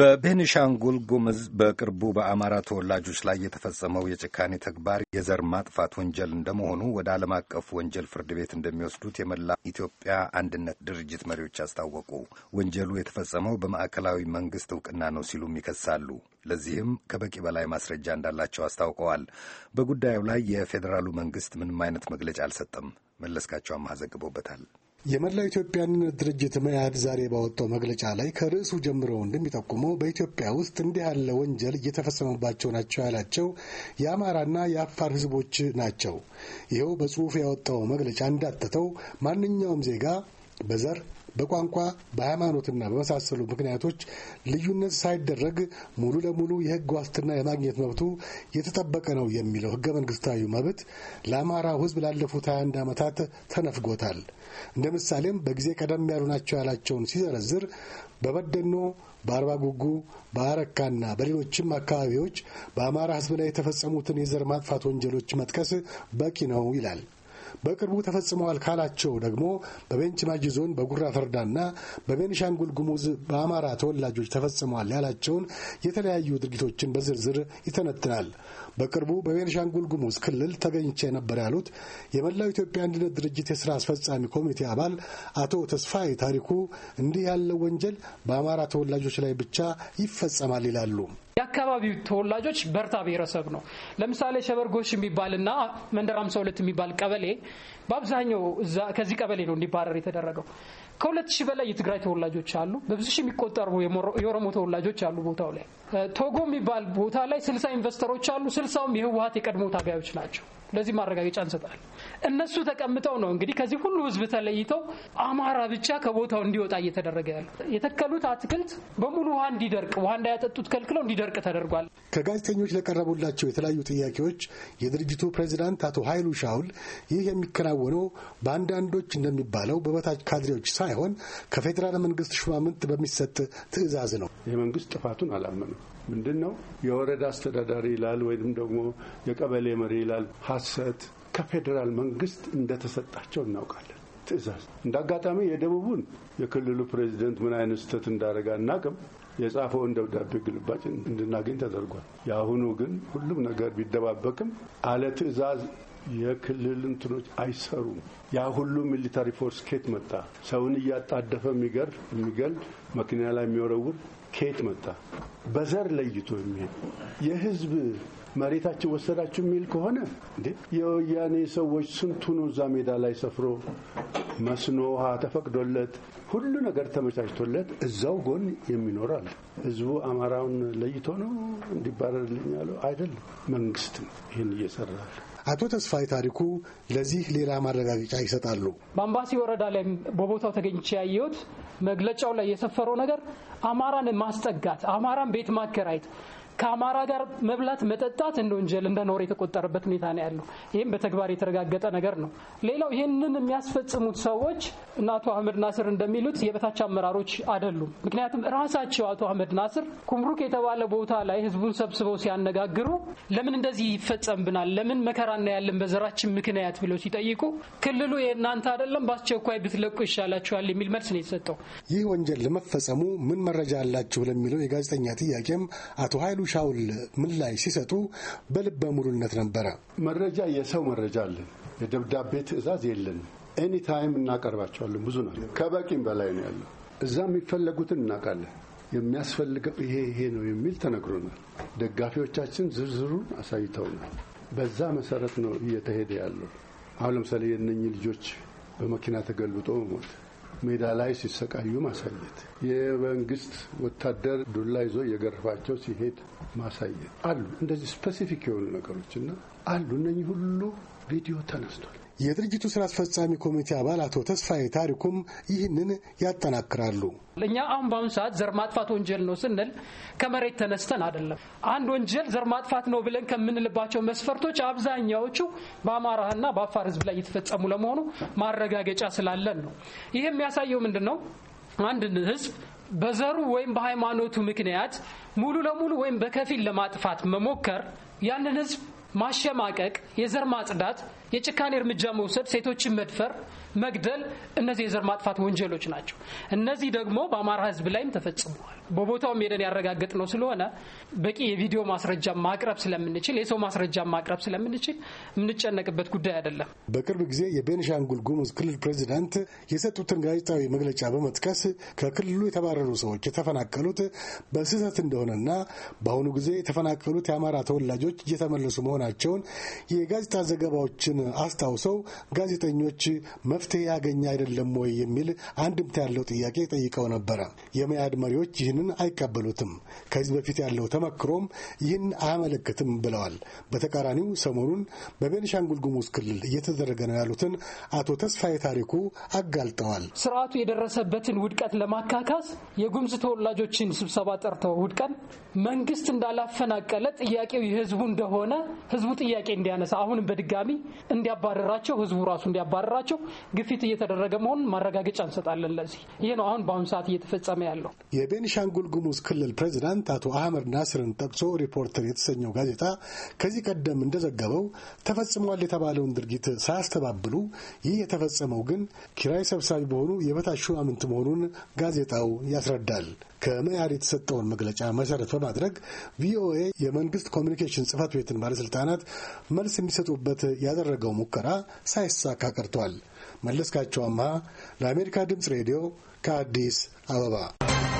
በቤኒሻንጉል ጉምዝ በቅርቡ በአማራ ተወላጆች ላይ የተፈጸመው የጭካኔ ተግባር የዘር ማጥፋት ወንጀል እንደመሆኑ ወደ ዓለም አቀፍ ወንጀል ፍርድ ቤት እንደሚወስዱት የመላ ኢትዮጵያ አንድነት ድርጅት መሪዎች አስታወቁ። ወንጀሉ የተፈጸመው በማዕከላዊ መንግስት እውቅና ነው ሲሉም ይከሳሉ። ለዚህም ከበቂ በላይ ማስረጃ እንዳላቸው አስታውቀዋል። በጉዳዩ ላይ የፌዴራሉ መንግስት ምንም አይነት መግለጫ አልሰጠም። መለስካቸው አማሃ ዘግቦበታል። የመላው ኢትዮጵያ አንድነት ድርጅት መያድ ዛሬ ባወጣው መግለጫ ላይ ከርዕሱ ጀምሮ እንደሚጠቁመው በኢትዮጵያ ውስጥ እንዲህ ያለ ወንጀል እየተፈጸመባቸው ናቸው ያላቸው የአማራና የአፋር ሕዝቦች ናቸው። ይኸው በጽሑፍ ያወጣው መግለጫ እንዳተተው ማንኛውም ዜጋ በዘር በቋንቋ በሃይማኖትና በመሳሰሉ ምክንያቶች ልዩነት ሳይደረግ ሙሉ ለሙሉ የህግ ዋስትና የማግኘት መብቱ የተጠበቀ ነው የሚለው ህገ መንግስታዊ መብት ለአማራው ህዝብ ላለፉት 21 ዓመታት ተነፍጎታል። እንደ ምሳሌም በጊዜ ቀደም ያሉ ናቸው ያላቸውን ሲዘረዝር በበደኖ በአርባ ጉጉ በአረካና በሌሎችም አካባቢዎች በአማራ ህዝብ ላይ የተፈጸሙትን የዘር ማጥፋት ወንጀሎች መጥቀስ በቂ ነው ይላል። በቅርቡ ተፈጽመዋል ካላቸው ደግሞ በቤንች ማጂ ዞን በጉራ ፈርዳና በቤንሻንጉል ጉሙዝ በአማራ ተወላጆች ተፈጽመዋል ያላቸውን የተለያዩ ድርጊቶችን በዝርዝር ይተነትናል። በቅርቡ በቤንሻንጉል ጉሙዝ ክልል ተገኝቼ ነበር ያሉት የመላው ኢትዮጵያ አንድነት ድርጅት የስራ አስፈጻሚ ኮሚቴ አባል አቶ ተስፋዬ ታሪኩ እንዲህ ያለው ወንጀል በአማራ ተወላጆች ላይ ብቻ ይፈጸማል ይላሉ። የአካባቢው ተወላጆች በርታ ብሔረሰብ ነው። ለምሳሌ ሸበርጎሽ የሚባልና መንደር ሃምሳ ሁለት የሚባል ቀበሌ በአብዛኛው ከዚህ ቀበሌ ነው እንዲባረር የተደረገው። ከሁለት ሺህ በላይ የትግራይ ተወላጆች አሉ። በብዙ ሺህ የሚቆጠሩ የኦሮሞ ተወላጆች አሉ ቦታው ላይ። ቶጎ የሚባል ቦታ ላይ ስልሳ ኢንቨስተሮች አሉ። ስልሳውም የህወሀት የቀድሞ ታጋዮች ናቸው። ለዚህ ማረጋገጫ እንሰጣል። እነሱ ተቀምጠው ነው እንግዲህ ከዚህ ሁሉ ህዝብ ተለይተው አማራ ብቻ ከቦታው እንዲወጣ እየተደረገ ያለ የተከሉት አትክልት በሙሉ ውሃ እንዲደርቅ ውሃ እንዳያጠጡት ከልክለው እንዲደርቅ ተደርጓል። ከጋዜጠኞች ለቀረቡላቸው የተለያዩ ጥያቄዎች የድርጅቱ ፕሬዚዳንት አቶ ኃይሉ ሻውል ይህ የሚከናወነው በአንዳንዶች እንደሚባለው በበታች ካድሬዎች ሳ ሳይሆን ከፌዴራል መንግስት ሹማምንት በሚሰጥ ትዕዛዝ ነው። ይህ መንግስት ጥፋቱን አላመነም። ምንድን ነው የወረዳ አስተዳዳሪ ይላል ወይም ደግሞ የቀበሌ መሪ ይላል። ሀሰት ከፌዴራል መንግስት እንደተሰጣቸው እናውቃለን። ትዕዛዝ እንደ አጋጣሚ የደቡቡን የክልሉ ፕሬዚደንት ምን አይነት ስህተት እንዳደረገ አናቅም። የጻፈውን ደብዳቤ ግልባጭ እንድናገኝ ተደርጓል። የአሁኑ ግን ሁሉም ነገር ቢደባበቅም አለ ትዕዛዝ የክልል እንትኖች አይሰሩም። ያ ሁሉ ሚሊታሪ ፎርስ ኬት መጣ? ሰውን እያጣደፈ የሚገር የሚገል መኪና ላይ የሚወረውር ኬት መጣ? በዘር ለይቶ የሚሄድ የህዝብ መሬታችን ወሰዳችሁ የሚል ከሆነ እንዴ የወያኔ ሰዎች ስንቱኑ እዛ ሜዳ ላይ ሰፍሮ መስኖ ውሃ ተፈቅዶለት ሁሉ ነገር ተመቻችቶለት እዛው ጎን የሚኖራል። ህዝቡ አማራውን ለይቶ ነው እንዲባረርልኝ ያለው አይደለም። መንግስትም ይህን እየሰራ አቶ ተስፋይ ታሪኩ ለዚህ ሌላ ማረጋገጫ ይሰጣሉ። በአምባሲ ወረዳ ላይ በቦታው ተገኝቼ ያየሁት መግለጫው ላይ የሰፈረው ነገር አማራን ማስጠጋት፣ አማራን ቤት ማከራየት፣ ከአማራ ጋር መብላት መጠጣት እንደ ወንጀል እንደ ኖር የተቆጠረበት ሁኔታ ነው ያለው። ይህም በተግባር የተረጋገጠ ነገር ነው። ሌላው ይህንን የሚያስፈጽሙት ሰዎች እና አቶ አህመድ ናስር እንደሚሉት የበታች አመራሮች አይደሉም። ምክንያቱም ራሳቸው አቶ አህመድ ናስር ኩምሩክ የተባለ ቦታ ላይ ህዝቡን ሰብስበው ሲያነጋግሩ ለምን እንደዚህ ይፈጸምብናል፣ ለምን መከራ እናያለን በዘራችን ምክንያት ብለው ሲጠይቁ ክልሉ የእናንተ አይደለም፣ በአስቸኳይ ብትለቁ ይሻላችኋል የሚል መልስ ነው የተሰጠው። ይህ ወንጀል ለመፈጸሙ ምን መረጃ አላችሁ ለሚለው የጋዜጠኛ ጥያቄም አቶ ኃይሉ ሻውል ምላሽ ሲሰጡ በልበ ሙሉነት ነበረ። መረጃ የሰው መረጃ አለን። የደብዳቤ ትዕዛዝ የለን ኤኒታይም ታይም እናቀርባቸዋለን። ብዙ ነው፣ ከበቂም በላይ ነው ያለው። እዛ የሚፈለጉትን እናውቃለን። የሚያስፈልገው ይሄ ይሄ ነው የሚል ተነግሮናል። ደጋፊዎቻችን ዝርዝሩን አሳይተውናል። በዛ መሰረት ነው እየተሄደ ያለው። አሁን ለምሳሌ የነኝ ልጆች በመኪና ተገልብጦ መሞት ሜዳ ላይ ሲሰቃዩ ማሳየት፣ የመንግስት ወታደር ዱላ ይዞ እየገረፋቸው ሲሄድ ማሳየት አሉ። እንደዚህ ስፔሲፊክ የሆኑ ነገሮች እና አሉ እነኚህ ሁሉ ቪዲዮ ተነስቷል። የድርጅቱ ስራ አስፈጻሚ ኮሚቴ አባል አቶ ተስፋዬ ታሪኩም ይህንን ያጠናክራሉ። እኛ አሁን በአሁኑ ሰዓት ዘር ማጥፋት ወንጀል ነው ስንል ከመሬት ተነስተን አይደለም። አንድ ወንጀል ዘር ማጥፋት ነው ብለን ከምንልባቸው መስፈርቶች አብዛኛዎቹ በአማራና በአፋር ሕዝብ ላይ እየተፈጸሙ ለመሆኑ ማረጋገጫ ስላለን ነው። ይህ የሚያሳየው ምንድን ነው? አንድን ሕዝብ በዘሩ ወይም በሃይማኖቱ ምክንያት ሙሉ ለሙሉ ወይም በከፊል ለማጥፋት መሞከር ያንን ሕዝብ ማሸማቀቅ፣ የዘር ማጽዳት የጭካኔ እርምጃ መውሰድ፣ ሴቶችን መድፈር፣ መግደል እነዚህ የዘር ማጥፋት ወንጀሎች ናቸው። እነዚህ ደግሞ በአማራ ህዝብ ላይም ተፈጽመዋል። በቦታው ሄደን ያረጋገጥ ነው ስለሆነ በቂ የቪዲዮ ማስረጃ ማቅረብ ስለምንችል፣ የሰው ማስረጃ ማቅረብ ስለምንችል የምንጨነቅበት ጉዳይ አይደለም። በቅርብ ጊዜ የቤንሻንጉል ጉሙዝ ክልል ፕሬዚዳንት የሰጡትን ጋዜጣዊ መግለጫ በመጥቀስ ከክልሉ የተባረሩ ሰዎች የተፈናቀሉት በስህተት እንደሆነና በአሁኑ ጊዜ የተፈናቀሉት የአማራ ተወላጆች እየተመለሱ መሆናቸውን የጋዜጣ ዘገባዎችን አስታውሰው ጋዜጠኞች መፍትሄ ያገኘ አይደለም ወይ የሚል አንድምታ ያለው ጥያቄ ጠይቀው ነበረ። የመያድ መሪዎች ይህንን አይቀበሉትም፣ ከዚህ በፊት ያለው ተመክሮም ይህን አያመለክትም ብለዋል። በተቃራኒው ሰሞኑን በቤንሻንጉል ጉሙዝ ክልል እየተደረገ ነው ያሉትን አቶ ተስፋዬ ታሪኩ አጋልጠዋል። ስርዓቱ የደረሰበትን ውድቀት ለማካካስ የጉሙዝ ተወላጆችን ስብሰባ ጠርተው ውድቀን መንግስት እንዳላፈናቀለ ጥያቄው የህዝቡ እንደሆነ ህዝቡ ጥያቄ እንዲያነሳ አሁንም በድጋሚ እንዲያባረራቸው ህዝቡ ራሱ እንዲያባረራቸው ግፊት እየተደረገ መሆኑን ማረጋገጫ እንሰጣለን። ለዚህ ይህ ነው አሁን በአሁኑ ሰዓት እየተፈጸመ ያለው። የቤኒሻንጉል ጉሙዝ ክልል ፕሬዚዳንት አቶ አህመድ ናስርን ጠቅሶ ሪፖርተር የተሰኘው ጋዜጣ ከዚህ ቀደም እንደዘገበው ተፈጽሟል የተባለውን ድርጊት ሳያስተባብሉ ይህ የተፈጸመው ግን ኪራይ ሰብሳቢ በሆኑ የበታች ሹማምንት መሆኑን ጋዜጣው ያስረዳል። ከመያድ የተሰጠውን መግለጫ መሰረት በማድረግ ቪኦኤ የመንግስት ኮሚኒኬሽን ጽህፈት ቤትን ባለስልጣናት መልስ እንዲሰጡበት ያደረገ ያደረገው ሙከራ ሳይሳካ ቀርቷል። መለስካቸው አምሃ ለአሜሪካ ድምፅ ሬዲዮ ከአዲስ አበባ